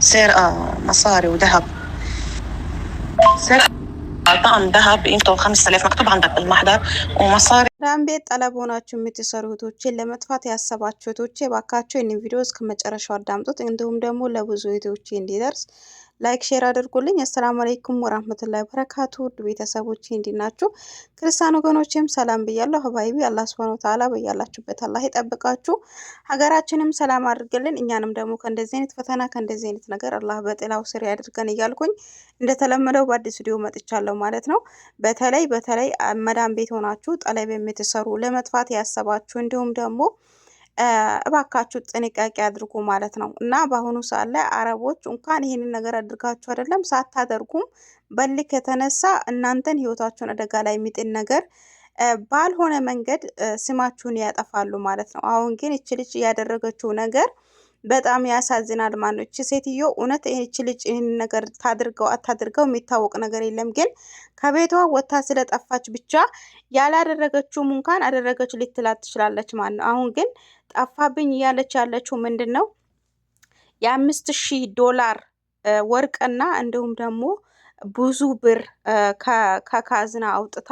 سرقة مصاري وذهب سرقة طقم ذهب قيمته 5000 مكتوب عندك بالمحضر ومصاري ራም ቤት ጠለብ ሆናችሁ የምትሰሩ እህቶችን ለመጥፋት ያሰባችሁ እህቶቼ ባካችሁ ይህንን ቪዲዮ እስከ መጨረሻው አዳምጡት። እንዲሁም ደግሞ ለብዙ እህቶቼ እንዲደርስ ላይክ ሼር አድርጉልኝ። አሰላሙ አለይኩም ወራህመቱላሂ ወበረካቱ ውድ ቤተሰቦቼ እንዴት ናችሁ? ክርስቲያን ወገኖቼም ሰላም ብያለሁ። ሀባይቢ አላህ ሱብሐነሁ ወተዓላ በያላችሁበት አላህ ይጠብቃችሁ፣ ሀገራችንም ሰላም አድርግልን፣ እኛንም ደግሞ ከእንደዚህ አይነት ፈተና ከእንደዚህ አይነት ነገር አላህ በጥላው ስር ያድርገን እያልኩኝ እንደተለመደው በአዲስ ቪዲዮ መጥቻለሁ ማለት ነው። በተለይ በተለይ መዳም ቤት ሆናችሁ ጠለብ የምትሰሩ ለመጥፋት ያሰባችሁ እንዲሁም ደግሞ እባካችሁ ጥንቃቄ አድርጉ ማለት ነው። እና በአሁኑ ሰዓት ላይ አረቦች እንኳን ይህንን ነገር አድርጋችሁ አይደለም ሳታደርጉም በልክ የተነሳ እናንተን ህይወታችሁን አደጋ ላይ የሚጥል ነገር ባልሆነ መንገድ ስማችሁን ያጠፋሉ ማለት ነው። አሁን ግን እች ልጅ ያደረገችው ነገር በጣም ያሳዝናል። ማኖች ሴትዮ እውነት ይህች ልጅ ይህን ነገር ታድርገው አታድርገው የሚታወቅ ነገር የለም። ግን ከቤቷ ወታ ስለጠፋች ብቻ ያላደረገችውም እንኳን አደረገች ልትላት ትችላለች ማለት ነው። አሁን ግን ጠፋብኝ እያለች ያለችው ምንድን ነው? የአምስት ሺህ ዶላር ወርቅና እንዲሁም ደግሞ ብዙ ብር ከካዝና አውጥታ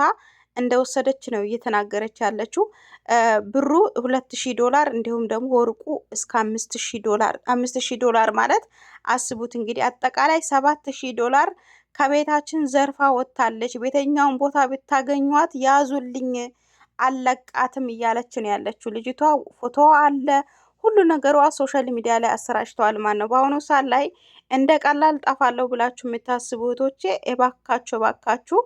እንደወሰደች ነው እየተናገረች ያለችው። ብሩ ሁለት ሺህ ዶላር እንዲሁም ደግሞ ወርቁ እስከ አምስት ሺህ ዶላር አምስት ሺህ ዶላር ማለት አስቡት እንግዲህ አጠቃላይ ሰባት ሺህ ዶላር ከቤታችን ዘርፋ ወጥታለች። ቤተኛውን ቦታ ብታገኟት ያዙልኝ አለቃትም እያለች ነው ያለችው ልጅቷ። ፎቶ አለ ሁሉ ነገሯ ሶሻል ሚዲያ ላይ አሰራጭተዋል ማለት ነው። በአሁኑ ሰዓት ላይ እንደ ቀላል ጠፋለሁ ብላችሁ የምታስቡ እህቶቼ፣ እባካችሁ እባካችሁ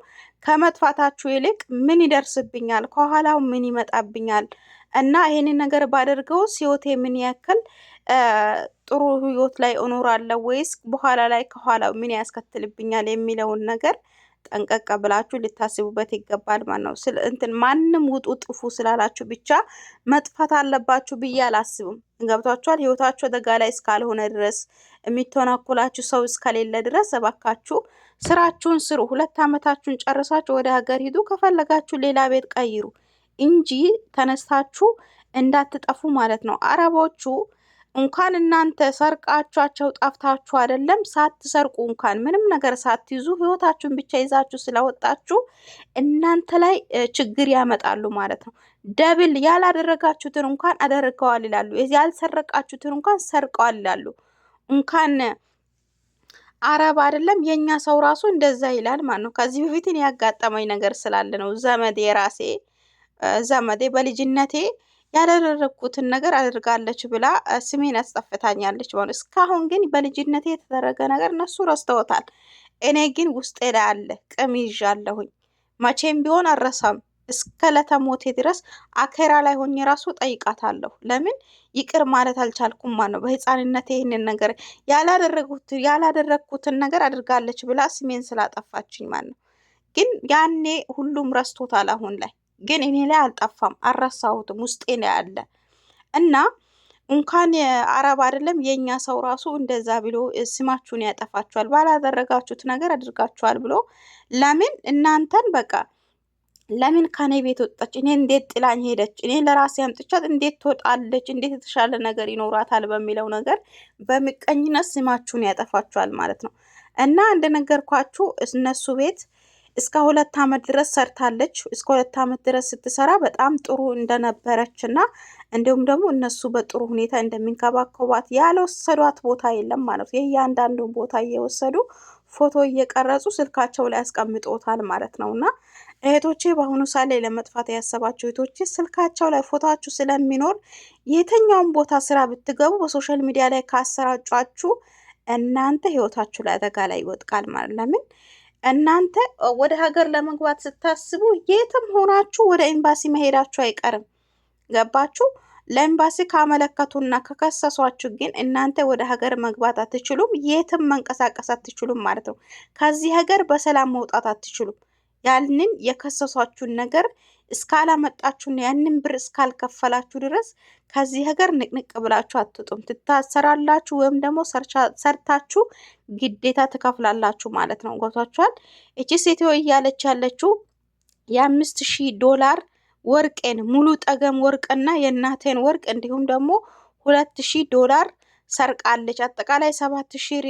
ከመጥፋታችሁ ይልቅ ምን ይደርስብኛል፣ ከኋላው ምን ይመጣብኛል እና ይሄንን ነገር ባደርገው ህይወቴ ምን ያክል ጥሩ ህይወት ላይ እኖራለሁ ወይስ በኋላ ላይ ከኋላው ምን ያስከትልብኛል የሚለውን ነገር ጠንቀቅ ብላችሁ ልታስቡበት ይገባል ማለት ነው። እንትን ማንም ውጡ ጥፉ ስላላችሁ ብቻ መጥፋት አለባችሁ ብዬ አላስብም። ገብቷችኋል? ህይወታችሁ አደጋ ላይ እስካልሆነ ድረስ የሚተናኮላችሁ ሰው እስከሌለ ድረስ እባካችሁ ስራችሁን ስሩ። ሁለት ዓመታችሁን ጨርሳችሁ ወደ ሀገር ሂዱ። ከፈለጋችሁ ሌላ ቤት ቀይሩ እንጂ ተነስታችሁ እንዳትጠፉ ማለት ነው። አረቦቹ እንኳን እናንተ ሰርቃችኋቸው ጠፍታችሁ አይደለም፣ ሳትሰርቁ እንኳን ምንም ነገር ሳትይዙ ህይወታችሁን ብቻ ይዛችሁ ስለወጣችሁ እናንተ ላይ ችግር ያመጣሉ ማለት ነው። ደብል ያላደረጋችሁትን እንኳን አደርገዋል ይላሉ። ያልሰረቃችሁትን እንኳን ሰርቀዋል ይላሉ። እንኳን አረብ አይደለም የእኛ ሰው ራሱ እንደዛ ይላል ማለት ነው። ከዚህ በፊት ያጋጠመኝ ነገር ስላለ ነው። ዘመዴ ራሴ ዘመዴ በልጅነቴ ያደረግኩትን ነገር አድርጋለች ብላ ስሜን አስጠፍታኛለች ማለት። እስካሁን ግን በልጅነቴ የተደረገ ነገር እነሱ ረስተውታል። እኔ ግን ውስጤ ላይ አለ ቂም ይዣለሁኝ። መቼም ቢሆን አረሳም። እስከ ለተሞቴ ድረስ አኬራ ላይ ሆኜ ራሱ ጠይቃታለሁ። ለምን ይቅር ማለት አልቻልኩም ማለት ነው። በህፃንነት ይህንን ነገር ያላደረግኩትን ነገር አድርጋለች ብላ ስሜን ስላጠፋችኝ ማለት ነው። ግን ያኔ ሁሉም ረስቶታል አሁን ላይ ግን እኔ ላይ አልጠፋም፣ አልረሳሁትም፣ ውስጤ ላይ ያለ እና እንኳን አረብ አይደለም የእኛ ሰው ራሱ እንደዛ ብሎ ስማችሁን ያጠፋችኋል፣ ባላደረጋችሁት ነገር አድርጋችኋል ብሎ ለምን እናንተን በቃ ለምን ከኔ ቤት ወጣች? እኔ እንዴት ጥላኝ ሄደች? እኔ ለራሴ አምጥቻት እንዴት ትወጣለች? እንዴት የተሻለ ነገር ይኖራታል? በሚለው ነገር በምቀኝነት ስማችሁን ያጠፋችኋል ማለት ነው። እና እንደነገርኳችሁ እነሱ ቤት እስከ ሁለት ዓመት ድረስ ሰርታለች። እስከ ሁለት ዓመት ድረስ ስትሰራ በጣም ጥሩ እንደነበረች እና እንዲሁም ደግሞ እነሱ በጥሩ ሁኔታ እንደሚንከባከቧት ያልወሰዷት ቦታ የለም ማለት ነው። የእያንዳንዱን ቦታ እየወሰዱ ፎቶ እየቀረጹ ስልካቸው ላይ ያስቀምጦታል ማለት ነው እና እህቶቼ በአሁኑ ሰዓት ላይ ለመጥፋት ያሰባቸው እህቶቼ ስልካቸው ላይ ፎታችሁ ስለሚኖር የትኛውን ቦታ ስራ ብትገቡ በሶሻል ሚዲያ ላይ ካሰራጫችሁ እናንተ ህይወታችሁ ላይ አደጋ ላይ ይወጥቃል ማለት ለምን እናንተ ወደ ሀገር ለመግባት ስታስቡ የትም ሆናችሁ ወደ ኤምባሲ መሄዳችሁ አይቀርም። ገባችሁ? ለኤምባሲ ካመለከቱና ከከሰሷችሁ ግን እናንተ ወደ ሀገር መግባት አትችሉም፣ የትም መንቀሳቀስ አትችሉም ማለት ነው። ከዚህ ሀገር በሰላም መውጣት አትችሉም። ያንን የከሰሷችሁን ነገር እስካላመጣችሁና ያንን ብር እስካልከፈላችሁ ድረስ ከዚህ ሀገር ንቅንቅ ብላችሁ አትጡም። ትታሰራላችሁ ወይም ደግሞ ሰርታችሁ ግዴታ ትከፍላላችሁ ማለት ነው። ገብቷችኋል? እቺ ሴትዮ እያለች ያለችው የአምስት ሺህ ዶላር ወርቄን ሙሉ ጠገም ወርቅና የእናቴን ወርቅ እንዲሁም ደግሞ ሁለት ሺህ ዶላር ሰርቃለች። አጠቃላይ ሰባት ሺህ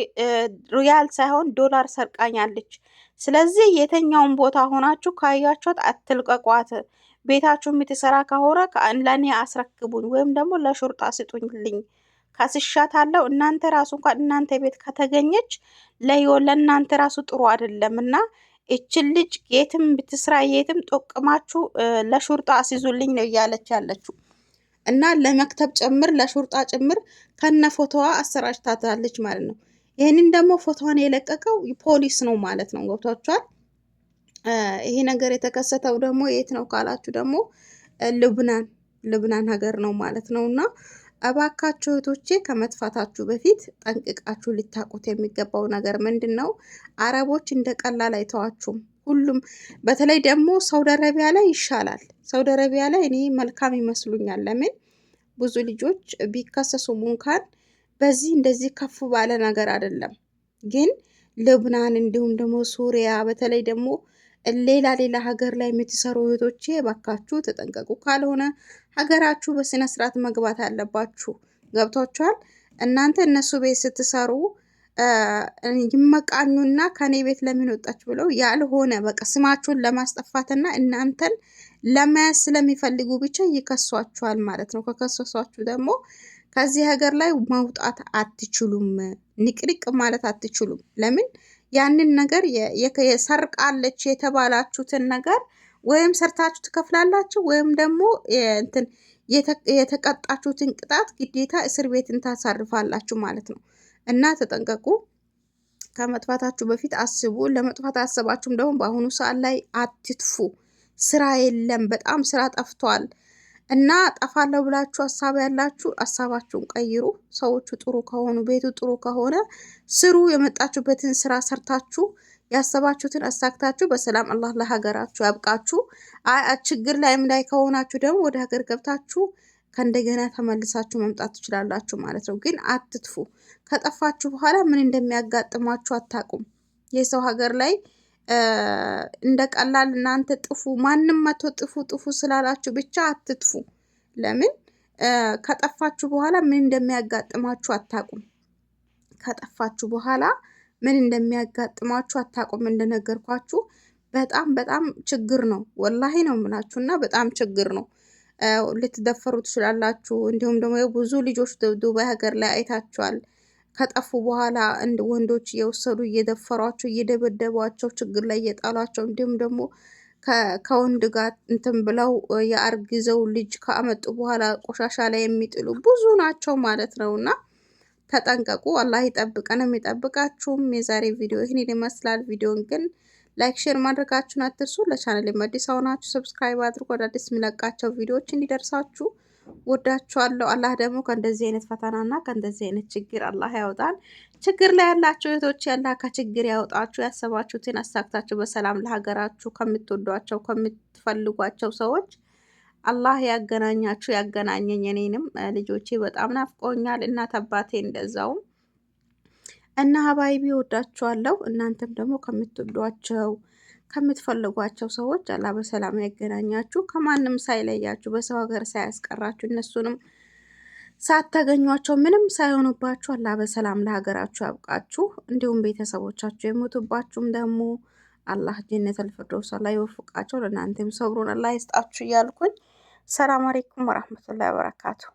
ሪያል ሳይሆን ዶላር ሰርቃኛለች። ስለዚህ የተኛውን ቦታ ሆናችሁ ካያችሁት አትልቀቋት። ቤታችሁ የምትሰራ ከሆነ ለእኔ አስረክቡኝ ወይም ደግሞ ለሹርጣ ስጡኝልኝ ከስሻታለሁ። እናንተ ራሱ እንኳን እናንተ ቤት ከተገኘች ለዮ ለእናንተ ራሱ ጥሩ አይደለም እና እችን ልጅ የትም ብትስራ የትም ጠቅማችሁ ለሹርጣ አስይዙልኝ ነው እያለች ያለችው። እና ለመክተብ ጭምር ለሹርጣ ጭምር ከነ ፎቶዋ አሰራጭታታለች ማለት ነው። ይህንን ደግሞ ፎቶዋን የለቀቀው ፖሊስ ነው ማለት ነው። ገብቷችኋል? ይሄ ነገር የተከሰተው ደግሞ የት ነው ካላችሁ ደግሞ ልብናን ልብናን ሀገር ነው ማለት ነው እና እባካችሁ እህቶቼ ከመጥፋታችሁ በፊት ጠንቅቃችሁ ሊታቁት የሚገባው ነገር ምንድን ነው? አረቦች እንደ ቀላል አይተዋችሁም። ሁሉም በተለይ ደግሞ ሳውዲ አረቢያ ላይ ይሻላል። ሳውዲ አረቢያ ላይ እኔ መልካም ይመስሉኛል። ለምን ብዙ ልጆች ቢከሰሱም እንኳን በዚህ እንደዚህ ከፍ ባለ ነገር አይደለም። ግን ልብናን፣ እንዲሁም ደግሞ ሱሪያ፣ በተለይ ደግሞ ሌላ ሌላ ሀገር ላይ የምትሰሩ እህቶቼ ባካችሁ ተጠንቀቁ። ካልሆነ ሀገራችሁ በስነ ስርዓት መግባት አለባችሁ። ገብቷችኋል? እናንተ እነሱ ቤት ስትሰሩ ይመቃኙና ከኔ ቤት ለምን ወጣች ብለው ያልሆነ በቃ ስማችሁን ለማስጠፋትና እናንተን ለመያዝ ስለሚፈልጉ ብቻ ይከሷችኋል ማለት ነው። ከከሰሷችሁ ደግሞ ከዚህ ሀገር ላይ መውጣት አትችሉም፣ ንቅንቅ ማለት አትችሉም። ለምን ያንን ነገር ሰርቃለች የተባላችሁትን ነገር ወይም ሰርታችሁ ትከፍላላችሁ ወይም ደግሞ እንትን የተቀጣችሁትን ቅጣት ግዴታ እስር ቤትን ታሳርፋላችሁ ማለት ነው። እና ተጠንቀቁ። ከመጥፋታችሁ በፊት አስቡ። ለመጥፋት አሰባችሁም ደግሞ በአሁኑ ሰዓት ላይ አትትፉ። ስራ የለም፣ በጣም ስራ ጠፍቷል። እና ጠፋለሁ ብላችሁ ሀሳብ ያላችሁ ሀሳባችሁን ቀይሩ። ሰዎቹ ጥሩ ከሆኑ ቤቱ ጥሩ ከሆነ ስሩ። የመጣችሁበትን ስራ ሰርታችሁ ያሰባችሁትን አሳክታችሁ በሰላም አላህ ለሀገራችሁ ያብቃችሁ። ችግር ላይም ላይ ከሆናችሁ ደግሞ ወደ ሀገር ገብታችሁ ከእንደገና ተመልሳችሁ መምጣት ትችላላችሁ ማለት ነው። ግን አትጥፉ። ከጠፋችሁ በኋላ ምን እንደሚያጋጥማችሁ አታውቁም። የሰው ሀገር ላይ እንደ ቀላል እናንተ ጥፉ፣ ማንም መቶ ጥፉ ጥፉ ስላላችሁ ብቻ አትጥፉ። ለምን ከጠፋችሁ በኋላ ምን እንደሚያጋጥማችሁ አታቁም። ከጠፋችሁ በኋላ ምን እንደሚያጋጥማችሁ አታቁም። እንደነገርኳችሁ በጣም በጣም ችግር ነው። ወላሂ ነው የምላችሁ እና በጣም ችግር ነው። ልትደፈሩ ትችላላችሁ። እንዲሁም ደግሞ ብዙ ልጆች ዱባይ ሀገር ላይ አይታችኋል። ከጠፉ በኋላ ወንዶች እየወሰዱ እየደፈሯቸው እየደበደቧቸው ችግር ላይ እየጣሏቸው እንዲሁም ደግሞ ከወንድ ጋር እንትን ብለው የአርግዘው ልጅ ከአመጡ በኋላ ቆሻሻ ላይ የሚጥሉ ብዙ ናቸው ማለት ነው እና ተጠንቀቁ። አላህ ይጠብቀን የሚጠብቃችሁም። የዛሬ ቪዲዮ ይህን ይመስላል። ቪዲዮን ግን ላይክ፣ ሼር ማድረጋችሁን አትርሱ። ለቻናል የመዲሳው ሆናችሁ ሰብስክራይብ አድርጎ አዳዲስ የሚለቃቸው ቪዲዮዎች እንዲደርሳችሁ ወዳችኋለሁ። አላህ ደግሞ ከእንደዚህ አይነት ፈተናና ከእንደዚህ አይነት ችግር አላህ ያወጣን። ችግር ላይ ያላችሁ እህቶች ያላ ከችግር ያወጣችሁ። ያሰባችሁትን አሳክታችሁ በሰላም ለሀገራችሁ ከምትወዷቸው ከምትፈልጓቸው ሰዎች አላህ ያገናኛችሁ ያገናኘኝ። እኔንም ልጆቼ በጣም ናፍቆኛል፣ እናት አባቴ እንደዛውም እና ሀባይቢ ወዳችኋለሁ። እናንተም ደግሞ ከምትወዷቸው ከምትፈልጓቸው ሰዎች አላ በሰላም ያገናኛችሁ፣ ከማንም ሳይለያችሁ፣ በሰው ሀገር ሳያስቀራችሁ፣ እነሱንም ሳታገኟቸው ምንም ሳይሆኑባችሁ አላ በሰላም ለሀገራችሁ ያብቃችሁ። እንዲሁም ቤተሰቦቻችሁ የሞቱባችሁም ደግሞ አላህ ጀነት አልፈርዶስ አላ ይወፍቃቸው። ለእናንተም ሰብሩን አላ ይስጣችሁ እያልኩኝ ሰላም አለይኩም ወራህመቱላሂ ወበረካቱሁ።